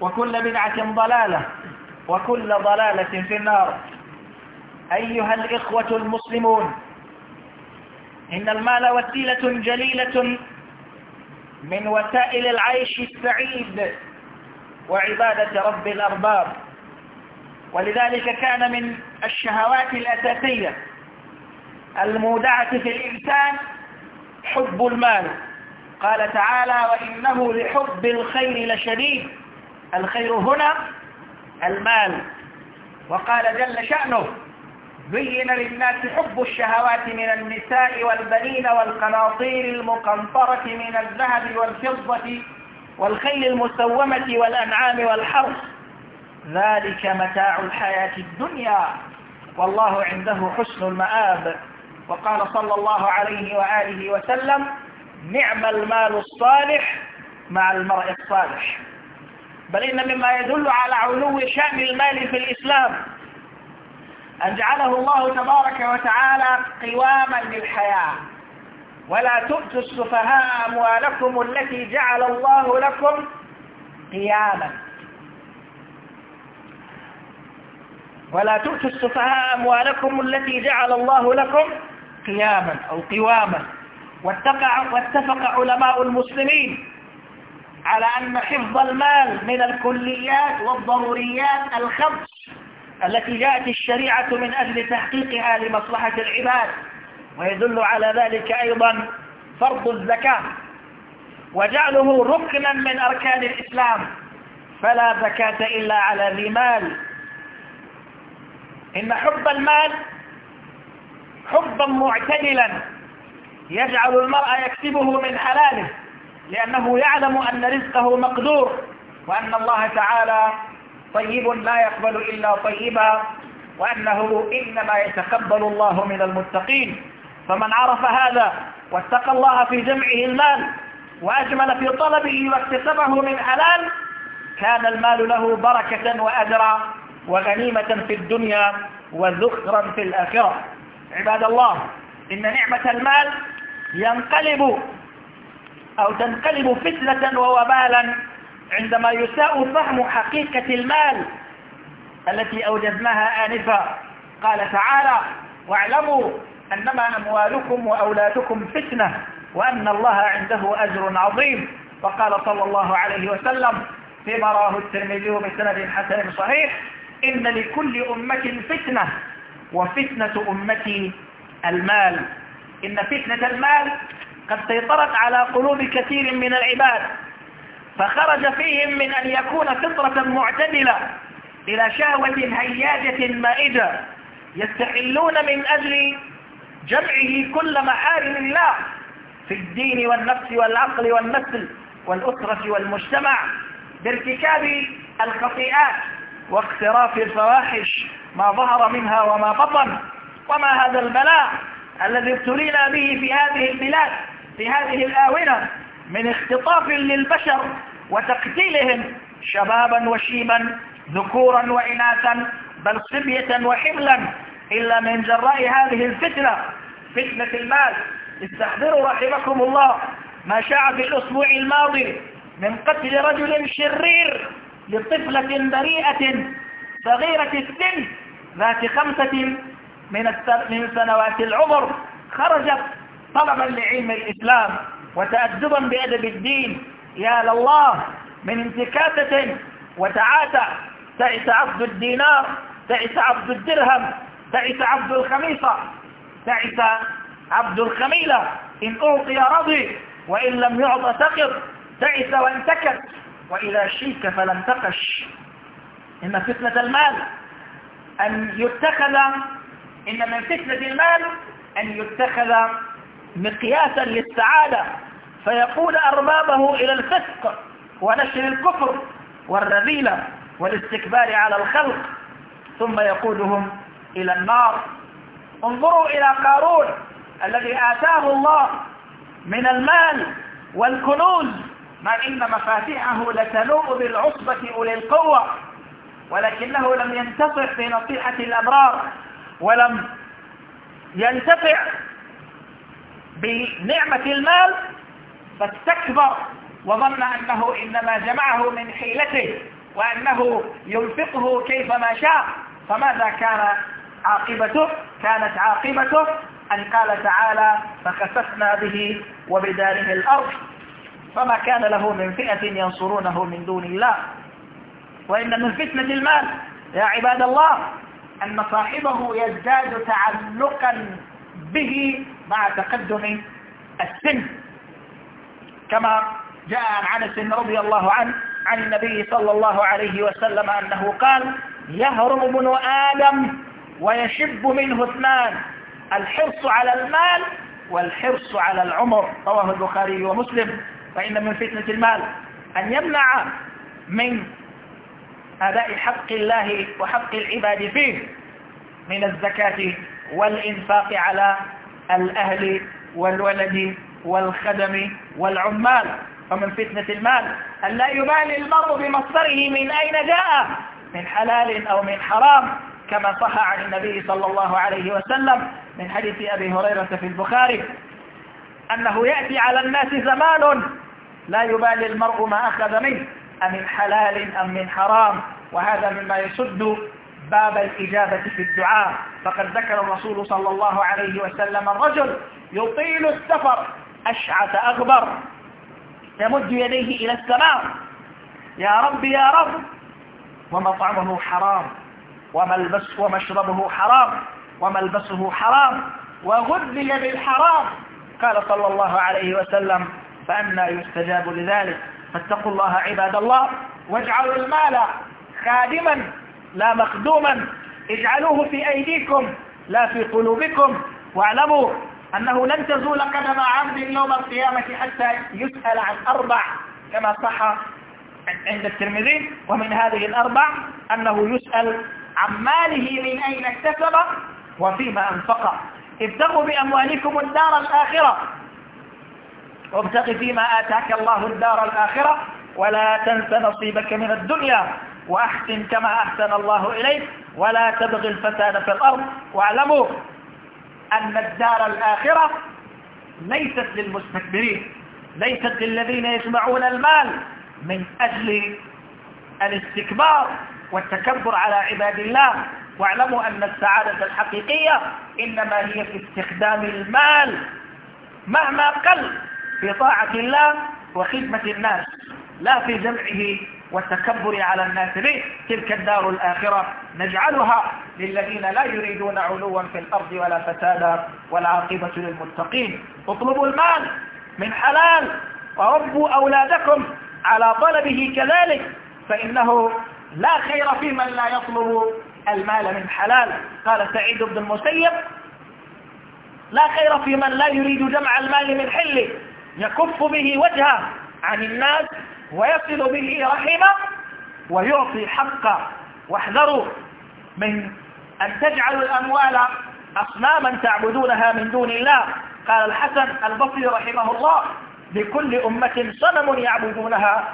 وكل بدعة ضلالة وكل ضلالة في النار أيها الإخوة المسلمون إن المال وسيلة جليلة من وسائل العيش السعيد وعبادة رب الأرباب ولذلك كان من الشهوات الأساسية المودعة في الإنسان حب المال قال تعالى وإنه لحب الخير لشديد الخير هنا المال وقال جل شأنه زين للناس حب الشهوات من النساء والبنين والقناطير المقنطرة من الذهب والفضة والخيل المسومة والأنعام والحرث ذلك متاع الحياة الدنيا والله عنده حسن المآب وقال صلى الله عليه وآله وسلم نعم المال الصالح مع المرء الصالح بل إن مما يدل على علو شأن المال في الإسلام أن جعله الله تبارك وتعالى قواما للحياة ولا تؤتوا السفهاء أموالكم التي جعل الله لكم قياما ولا تؤتوا السفهاء أموالكم التي جعل الله لكم قياما أو قواما واتفق علماء المسلمين على أن حفظ المال من الكليات والضروريات الخمس التي جاءت الشريعة من أجل تحقيقها لمصلحة العباد ويدل على ذلك أيضا فرض الزكاة وجعله ركنا من أركان الإسلام فلا زكاة إلا على ذي مال إن حب المال حبا معتدلا يجعل المرء يكسبه من حلاله لأنه يعلم أن رزقه مقدور وأن الله تعالى طيب لا يقبل إلا طيبا وأنه إنما يتقبل الله من المتقين فمن عرف هذا واتقى الله في جمعه المال وأجمل في طلبه واكتسبه من حلال كان المال له بركة وأجرا وغنيمة في الدنيا وذخرا في الآخرة عباد الله إن نعمة المال ينقلب أو تنقلب فتنة ووبالا عندما يساء فهم حقيقة المال التي أوجدناها آنفا قال تعالى واعلموا أنما أموالكم وأولادكم فتنة وأن الله عنده أجر عظيم وقال صلى الله عليه وسلم فيما راه الترمذي بسند حسن صحيح إن لكل أمة فتنة وفتنة أمتي المال إن فتنة المال قد سيطرت على قلوب كثير من العباد فخرج فيهم من أن يكون فطرة معتدلة إلى شهوة هياجة مائدة يستحلون من أجل جمعه كل محارم الله في الدين والنفس والعقل والنسل والأسرة والمجتمع بارتكاب الخطيئات واقتراف الفواحش ما ظهر منها وما بطن وما هذا البلاء الذي ابتلينا به في هذه البلاد في هذه الآونة من اختطاف للبشر وتقتيلهم شبابا وشيما ذكورا وإناثا بل صبية وحملا إلا من جراء هذه الفتنة فتنة المال استحضروا رحمكم الله ما شاع في الأسبوع الماضي من قتل رجل شرير لطفلة بريئة صغيرة السن ذات خمسة من, من سنوات العمر خرجت طلبا لعلم الإسلام وتأدبا بأدب الدين يا لله من انتكاسة وتعاتى تعس عبد الدينار تعس عبد الدرهم تعس عبد الخميصة تعس عبد الخميلة إن أعطي رضي وإن لم يعط سقط تعس وانتكس وإذا شيك فلم تقش إن فتنة المال أن يتخذ إن من فتنة المال أن يتخذ مقياسا للسعادة فيقود أربابه إلى الفسق ونشر الكفر والرذيلة والاستكبار على الخلق ثم يقودهم إلى النار انظروا إلى قارون الذي آتاه الله من المال والكنوز ما إن مفاتيحه لتنوء بالعصبة أولي القوة ولكنه لم ينتفع نصيحة الأبرار ولم ينتفع بنعمة المال فاستكبر وظن أنه إنما جمعه من حيلته وأنه ينفقه كيفما شاء فماذا كان عاقبته كانت عاقبته أن قال تعالى فخسفنا به وبداره الأرض فما كان له من فئة ينصرونه من دون الله وإن من فتنة المال يا عباد الله أن صاحبه يزداد تعلقا به مع تقدم السن كما جاء عن انس رضي الله عنه عن النبي صلى الله عليه وسلم أنه قال يهرم ابن آدم ويشب منه اثنان الحرص على المال والحرص على العمر رواه البخاري ومسلم فإن من فتنة المال أن يمنع من أداء حق الله وحق العباد فيه من الزكاة والإنفاق على الأهل والولد والخدم والعمال ومن فتنة المال أن لا يبالي المرء بمصدره من أين جاء من حلال أو من حرام كما صح عن النبي صلى الله عليه وسلم من حديث أبي هريرة في البخاري أنه يأتي على الناس زمان لا يبالي المرء ما أخذ منه أمن حلال أم من حرام وهذا مما يسد باب الإجابة في الدعاء فقد ذكر الرسول صلى الله عليه وسلم الرجل يطيل السفر أشعث أغبر يمد يديه إلى السماء يا رب يا رب ومطعمه حرام وملبسه ومشربه حرام وملبسه حرام وغذي بالحرام قال صلى الله عليه وسلم فأنا يستجاب لذلك فاتقوا الله عباد الله واجعلوا المال خادما لا مخدوما اجعلوه في أيديكم لا في قلوبكم واعلموا أنه لن تزول قدم عبد يوم القيامة حتى يسأل عن أربع كما صح عند الترمذي ومن هذه الأربع أنه يسأل عن ماله من أين اكتسب وفيما أنفقه ابتغوا بأموالكم الدار الآخرة وابتغ فيما آتاك الله الدار الآخرة ولا تنس نصيبك من الدنيا وأحسن كما أحسن الله إليك ولا تبغ الفساد في الأرض واعلموا أن الدار الآخرة ليست للمستكبرين ليست للذين يجمعون المال من أجل الاستكبار والتكبر على عباد الله واعلموا أن السعادة الحقيقية إنما هي في استخدام المال مهما قل في طاعة الله وخدمة الناس لا في جمعه والتكبر على الناس به تلك الدار الآخرة نجعلها للذين لا يريدون علوا في الأرض ولا فسادا والعاقبة للمتقين اطلبوا المال من حلال وربوا أولادكم على طلبه كذلك فإنه لا خير في من لا يطلب المال من حلال قال سعيد بن المسيب لا خير في من لا يريد جمع المال من حله يكف به وجهه عن الناس ويصل به رحمه ويعطي حقه واحذروا من أن تجعلوا الأموال أصناما تعبدونها من دون الله قال الحسن البصري رحمه الله لكل أمة صنم يعبدونها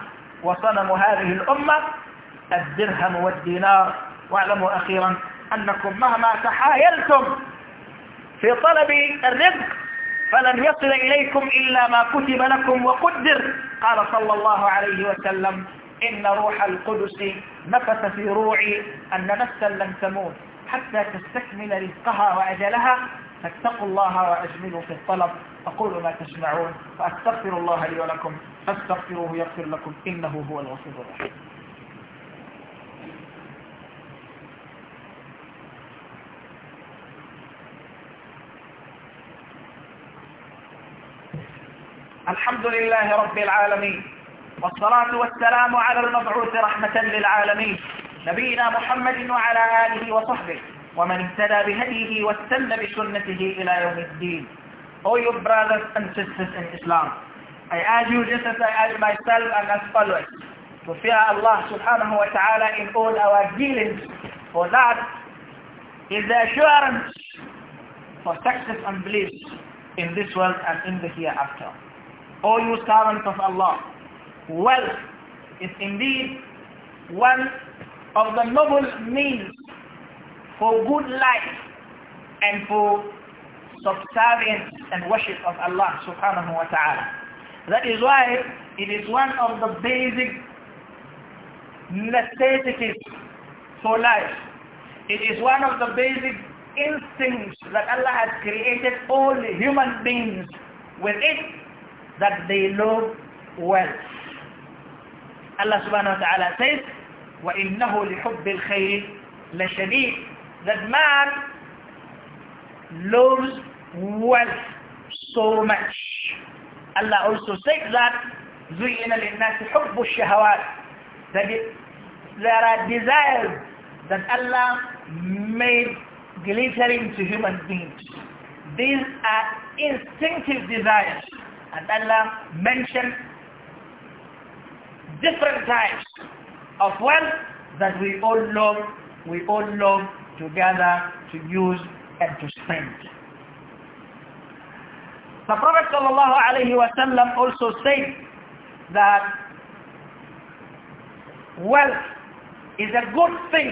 وصنم هذه الأمة الدرهم والدينار واعلموا أخيرا أنكم مهما تحايلتم في طلب الرزق فلن يصل إليكم إلا ما كتب لكم وقدر قال صلى الله عليه وسلم إن روح القدس نفث في روعي أن نفسا لن تموت حتى تستكمل رزقها وأجلها فاتقوا الله وأجملوا في الطلب أقول ما تسمعون وأستغفر الله لي ولكم فاستغفروه يغفر لكم إنه هو الغفور الرحيم الحمد لله رب العالمين والصلاة والسلام على المبعوث رحمة للعالمين نبينا محمد وعلى آله وصحبه ومن اهتدى بهديه واستنى بسنته إلى يوم الدين Oh you brothers and sisters in Islam I ask you just as I ask myself and as followers to fear Allah subhanahu wa ta'ala in all our dealings for that is the assurance for success and bliss in this world and in the hereafter O you servants of Allah, wealth is indeed one of the noble means for good life and for subservience and worship of Allah subhanahu wa ta'ala. That is why it is one of the basic necessities for life. It is one of the basic instincts that Allah has created all human beings with it that they love wealth. Allah subhanahu wa ta'ala says, وَإِنَّهُ لِحُبِّ الْخَيْرِ لَشَدِيدٍ That man loves wealth so much. Allah also says that زُيِّنَ لِلنَّاسِ حُبُّ الشَّهَوَاتِ That there are desires that Allah made glittering to human beings. These are instinctive desires and Allah mentioned different types of wealth that we all love, we all love to gather, to use and to spend. The Prophet ﷺ also said that wealth is a good thing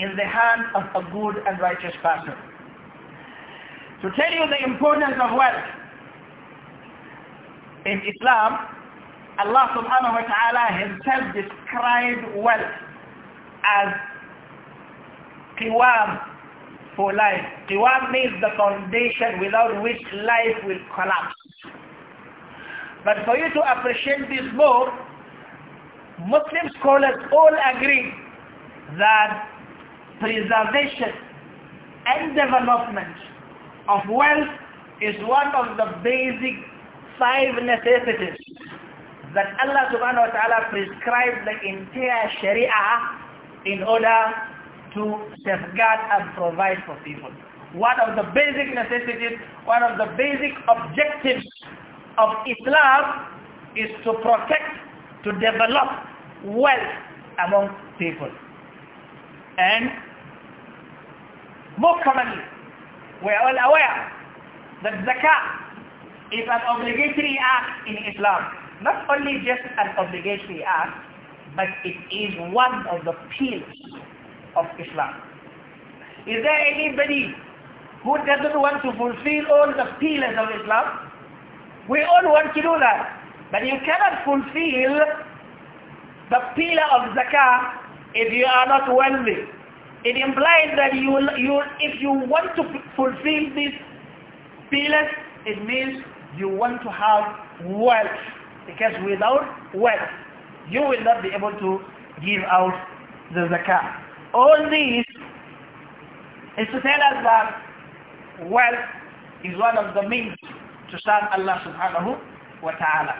in the hand of a good and righteous person. To tell you the importance of wealth, in Islam, Allah subhanahu wa ta'ala himself described wealth as qiwam for life. Qiwam means the foundation without which life will collapse. But for you to appreciate this more, Muslim scholars all agree that preservation and development of wealth is one of the basic five necessities that Allah subhanahu wa ta'ala prescribed the entire sharia in order to safeguard and provide for people. One of the basic necessities, one of the basic objectives of Islam is to protect, to develop wealth among people. And more commonly, we are all aware that zakat is an obligatory act in Islam. Not only just an obligatory act, but it is one of the pillars of Islam. Is there anybody who doesn't want to fulfill all the pillars of Islam? We all want to do that. But you cannot fulfill the pillar of zakah if you are not wealthy. It implies that you, you, if you want to fulfill these pillars, it means you want to have wealth because without wealth you will not be able to give out the zakah. All this is to tell us that wealth is one of the means to serve Allah subhanahu wa ta'ala.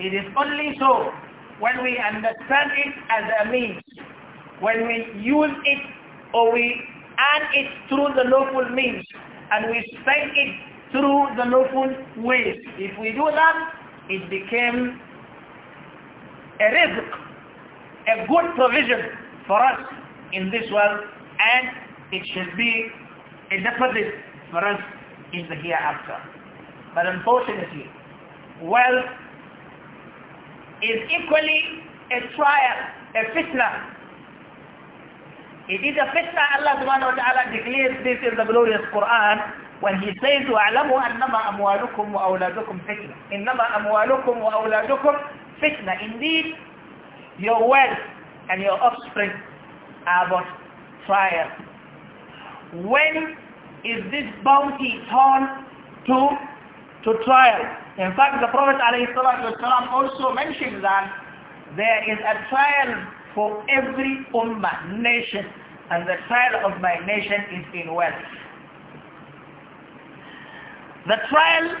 It is only so when we understand it as a means, when we use it or we earn it through the lawful means and we spend it through the lawful ways. If we do that, it became a rizq, a good provision for us in this world, and it should be a deposit for us in the hereafter. But unfortunately, wealth is equally a trial, a fitna. It is a fitna Allah subhanahu wa ta'ala declares this in the glorious Quran when he says وَعْلَمُوا أَنَّمَا أَمْوَالُكُمْ وَأَوْلَادُكُمْ فِتْنَةً إِنَّمَا أَمْوَالُكُمْ وَأَوْلَادُكُمْ فِتْنَةً Indeed, your wealth and your offspring are but trial. When is this bounty turned to, to trial? In fact, the Prophet ﷺ also mentioned that there is a trial for every ummah, nation, and the trial of my nation is in wealth the trial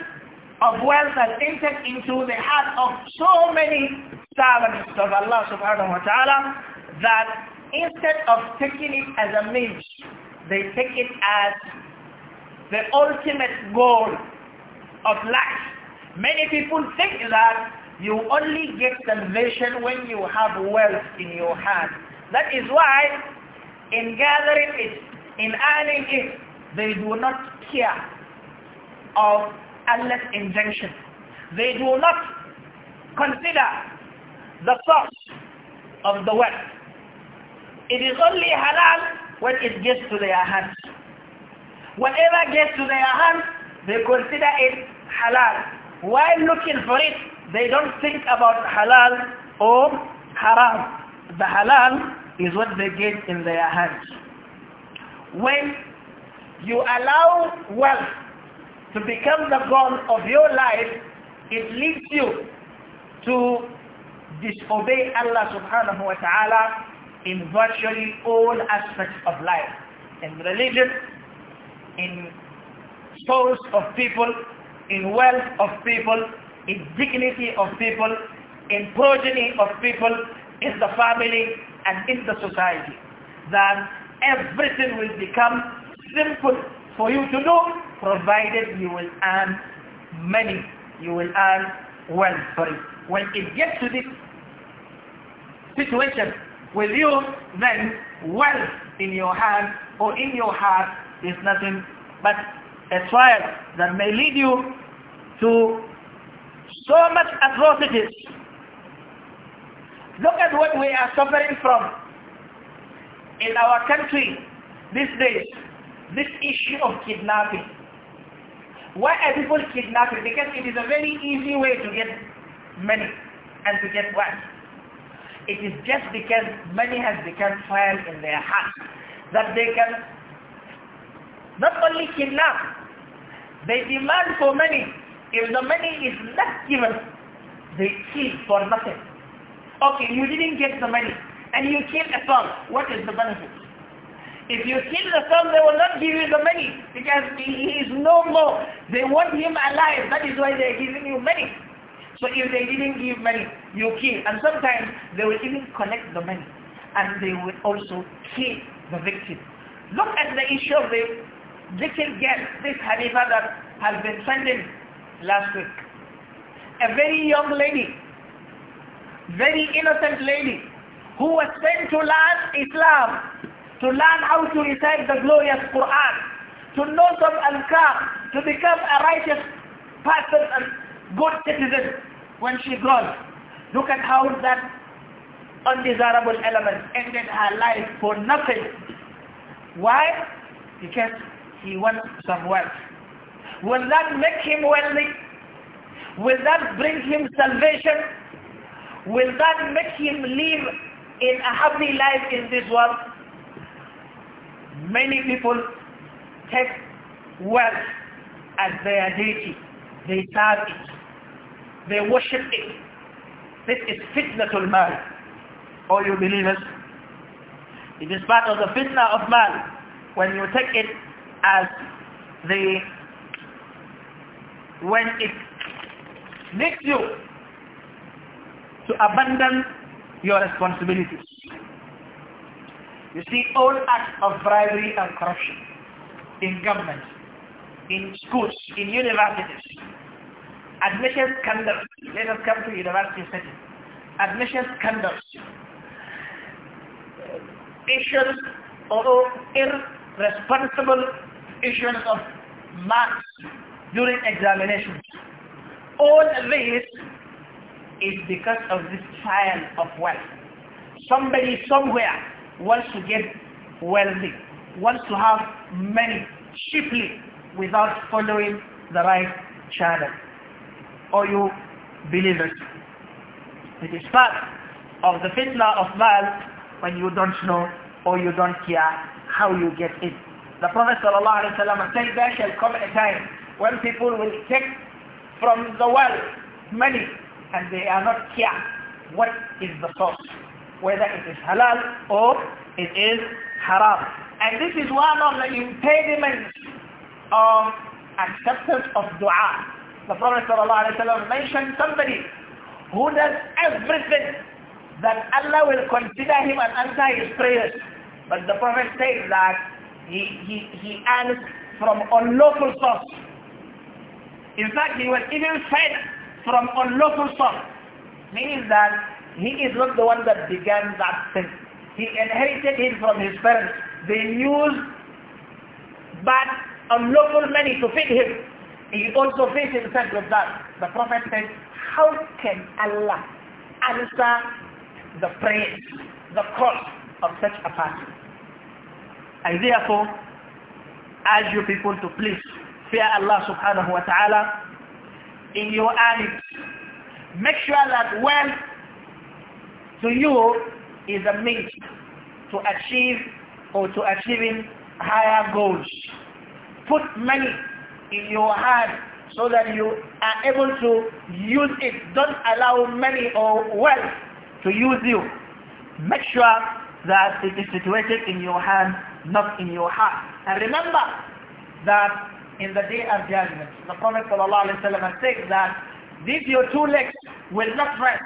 of wealth has entered into the heart of so many servants of Allah subhanahu wa ta'ala that instead of taking it as a means, they take it as the ultimate goal of life. Many people think that you only get salvation when you have wealth in your hand. That is why in gathering it, in earning it, they do not care of endless injunction. They do not consider the source of the wealth. It is only halal when it gets to their hands. Whatever gets to their hands, they consider it halal. While looking for it, they don't think about halal or haram. The halal is what they get in their hands. When you allow wealth to become the goal of your life, it leads you to disobey Allah subhanahu wa ta'ala in virtually all aspects of life. In religion, in souls of people, in wealth of people, in dignity of people, in progeny of people, in the family and in the society. Then everything will become simple for you to do, provided you will earn money, you will earn wealth for it. When it gets to this situation with you, then wealth in your hand or in your heart is nothing but a trial that may lead you to so much atrocities. Look at what we are suffering from in our country these days this issue of kidnapping. Why are people kidnapping? Because it is a very easy way to get money and to get wealth. It is just because money has become fire in their hands that they can not only kidnap, they demand for money. If the money is not given, they kill for nothing. Okay, you didn't get the money and you kill a son. What is the benefit? If you kill the son, they will not give you the money because he is no more. They want him alive. That is why they are giving you money. So if they didn't give money, you kill. And sometimes they will even collect the money and they will also kill the victim. Look at the issue of the little girl, this Hanifa that has been trending last week. A very young lady, very innocent lady who was sent to learn Islam to learn how to recite the glorious Quran, to know some al-kaf, to become a righteous person and good citizen when she grows. Look at how that undesirable element ended her life for nothing. Why? Because he wants some wealth. Will that make him wealthy? Will that bring him salvation? Will that make him live in a happy life in this world? Many people take wealth as their deity. They serve it. They worship it. This is fitnatul mal. All you believers, it is part of the fitna of mal when you take it as the when it makes you to abandon your responsibilities. You see, all acts of bribery and corruption in government, in schools, in universities, admission scandals, let us come to university setting, admission scandals, issues or irresponsible issues of marks during examinations. All this is because of this trial of wealth. Somebody somewhere wants to get wealthy, wants to have money cheaply without following the right channel. Or you believe It is part of the fitna of mal when you don't know or you don't care how you get it. The Prophet ﷺ said there shall come a time when people will take from the wealth money and they are not care what is the source whether it is halal or it is haram. And this is one of the impediments of acceptance of dua. The Prophet ﷺ mentioned somebody who does everything that Allah will consider him and answer his prayers. But the Prophet said that he, he, he earns from unlawful source. In fact, he was even fed from unlawful source. Meaning that he is not the one that began that thing. He inherited it from his parents. They used bad, unlawful money to feed him. He also faced himself with that. The Prophet said, how can Allah answer the praise, the call of such a person? I therefore urge you people to please fear Allah subhanahu wa ta'ala in your eyes. Make sure that wealth to you is a means to achieve or to achieving higher goals. Put money in your hand so that you are able to use it. Don't allow money or wealth to use you. Make sure that it is situated in your hand, not in your heart. And remember that in the day of judgment, the Prophet ﷺ said that these your two legs will not rest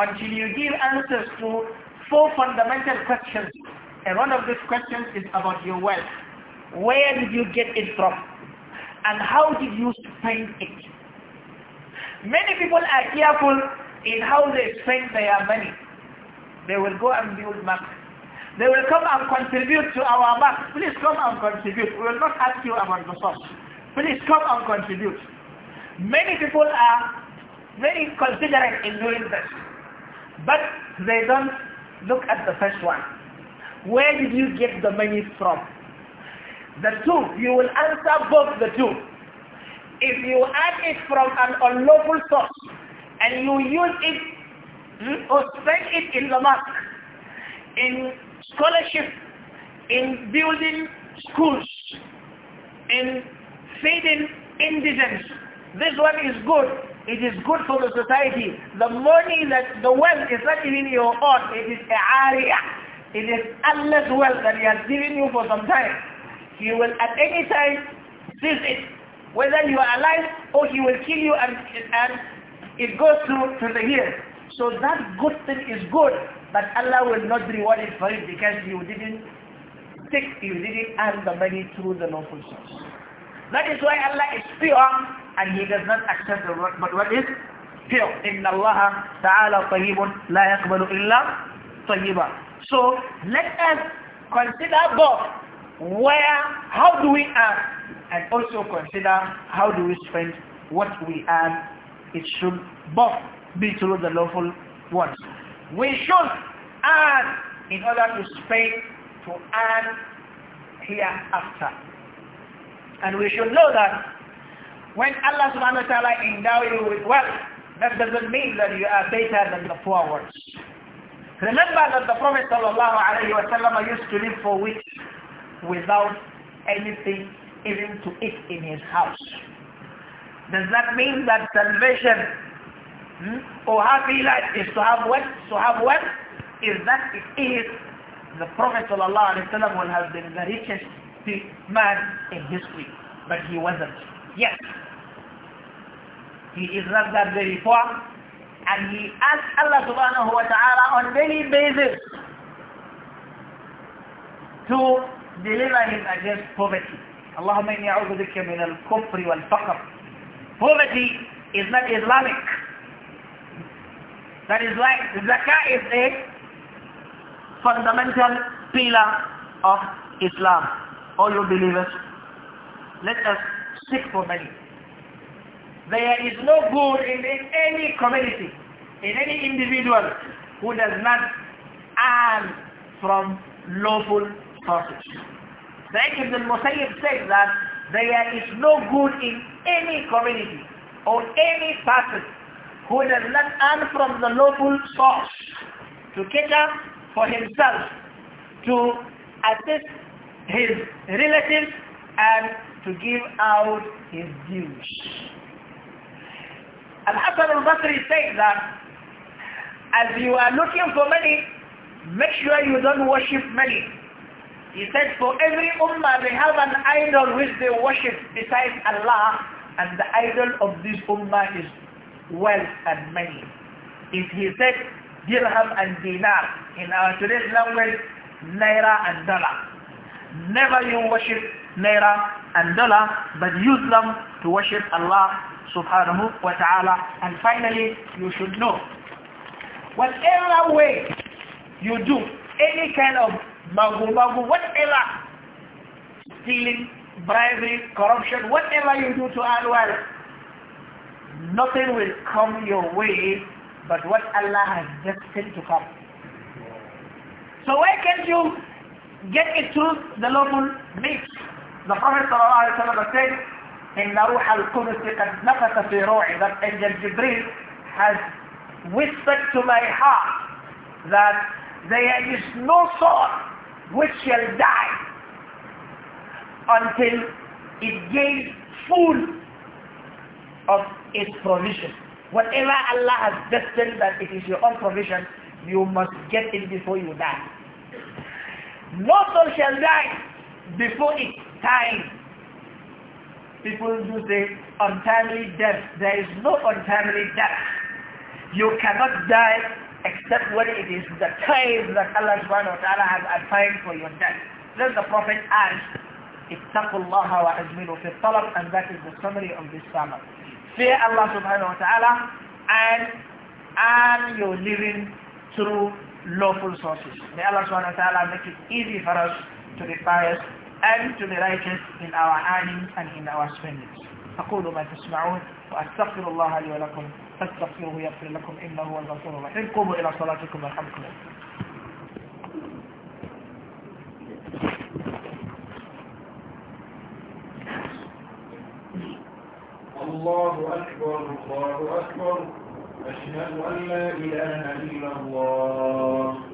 until you give answers to four fundamental questions. And one of these questions is about your wealth. Where did you get it from? And how did you spend it? Many people are careful in how they spend their money. They will go and build markets. They will come and contribute to our market. Please come and contribute. We will not ask you about the source. Please come and contribute. Many people are very considerate in doing this. But they don't look at the first one. Where did you get the money from? The two, you will answer both the two. If you earn it from an unlawful source and you use it hmm, or spend it in the mosque, in scholarship, in building schools, in feeding indigents, this one is good it is good for the society. The money that, the wealth is not even your own. It is a It is Allah's wealth that he has given you for some time. He will at any time seize it. Whether you are alive or he will kill you and, and it goes through to the here. So that good thing is good, but Allah will not reward it for it because you didn't take, you didn't earn the money through the lawful source. That is why Allah is pure and he does not accept the work but what is pure إِنَّ اللَّهَ Ta'ala طَيِّبٌ la يَقْبَلُ illa طَيِّبًا so let us consider both where how do we earn and also consider how do we spend what we earn it should both be through the lawful ones we should earn in order to spend to earn hereafter and we should know that when Allah subhanahu wa ta'ala endow you with wealth, that doesn't mean that you are better than the poor ones. Remember that the Prophet sallallahu used to live for weeks without anything even to eat in his house. Does that mean that salvation hmm, or happy life is to have wealth? To have wealth? If that it is, the Prophet sallallahu will have been the richest man in history. But he wasn't. Yes, he is not that very poor. And he asks Allah subhanahu wa ta'ala on daily basis to deliver him against poverty. Allahumma inni a'udhu bika min al-kufri wal-faqr. Poverty is not Islamic. That is why zakah is a fundamental pillar of Islam. All you believers, let us seek for money. There is no good in, in any community, in any individual who does not earn from lawful sources. Sayyid Ibn Musayyib said that there is no good in any community or any person who does not earn from the lawful source to cater for himself, to assist his relatives and to give out his dues. Al-Hassan al-Basri said that as you are looking for money, make sure you don't worship money. He said for every ummah they have an idol which they worship besides Allah and the idol of this ummah is wealth and money. If he said dirham and dinar in our today's language, naira and dollar. Never you worship naira and dollar but use them to worship Allah subhanahu wa ta'ala. And finally, you should know, whatever way you do, any kind of magu-magu, whatever, stealing, bribery, corruption, whatever you do to Allah, nothing will come your way but what Allah has destined to come. So why can't you get it through the lawful means? The Prophet wasallam said, إن روح القدس قد نفث في روعي that angel Jibril has whispered to my heart that there is no soul which shall die until it gains full of its provision. Whatever Allah has destined that it is your own provision, you must get it before you die. No soul shall die before its time People use the untimely death. There is no untimely death. You cannot die except when it is the time that Allah subhanahu wa ta'ala has assigned for your death. Then the Prophet asked, اتقوا الله وأجملوا في الطلب and that is the summary of this sermon. Fear Allah subhanahu wa ta'ala and earn your living through lawful sources. May Allah subhanahu wa ta'ala make it easy for us to be pious and to the righteous in our earnings and in our spending. أقول ما تسمعون وأستغفر الله لي ولكم فاستغفروه يغفر لكم إنه هو الغفور الرحيم قوموا إلى صلاتكم وارحمكم الله الله أكبر الله أكبر أشهد أن لا إله إلا الله